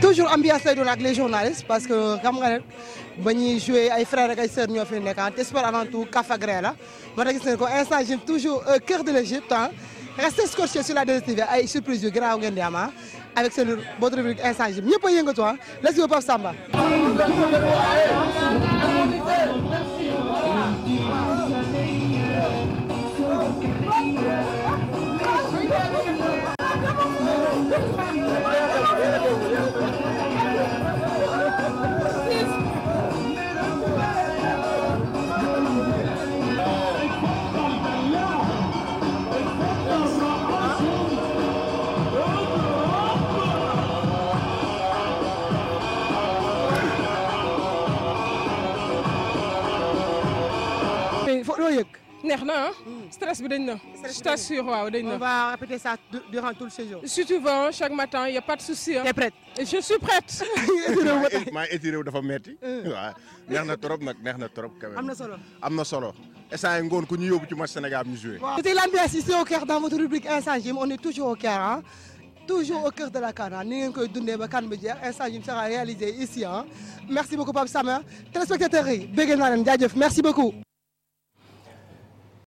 toujours ambiance lay doon ak les journalistes parce que xam nga rek ba ay frères ak ay sœurs ñoo fi nekkaan ah, te sport avant tout caf ak ree la moo tax gis nañ ko instant jim toujours euh, cœur de l'Égypte ah restez sur la 2 ay surprise yu garaaw ngeen di am ah. avec seen votre rubrique instant jim ñëpp a yëngatu ah let's go Samba foo loo yëg. neex ah. hmm. na stress bi dañ na. je dañ na. on va répéter ça durant tout le séjour. si tu chaque matin y pas de souci ah. t'es prête. prête. maa étiré wu dafa metti hmm. waaw neex na trop nag neex na trop. quand même am na solo am na solo. instant yi ngoon ku ñu yóbbu ci match Sénégal ñu joué. waaw c'était l'ambiance ici au Caire dans votre rubrique Instant on est toujours au Caire ah. toujours au cœur de la CAN ni ngeen koy dundee ba CAN bi jeex Instant Gym sera réalisé ici ah merci beaucoup Pape Samer téléspectateurs yi bëgg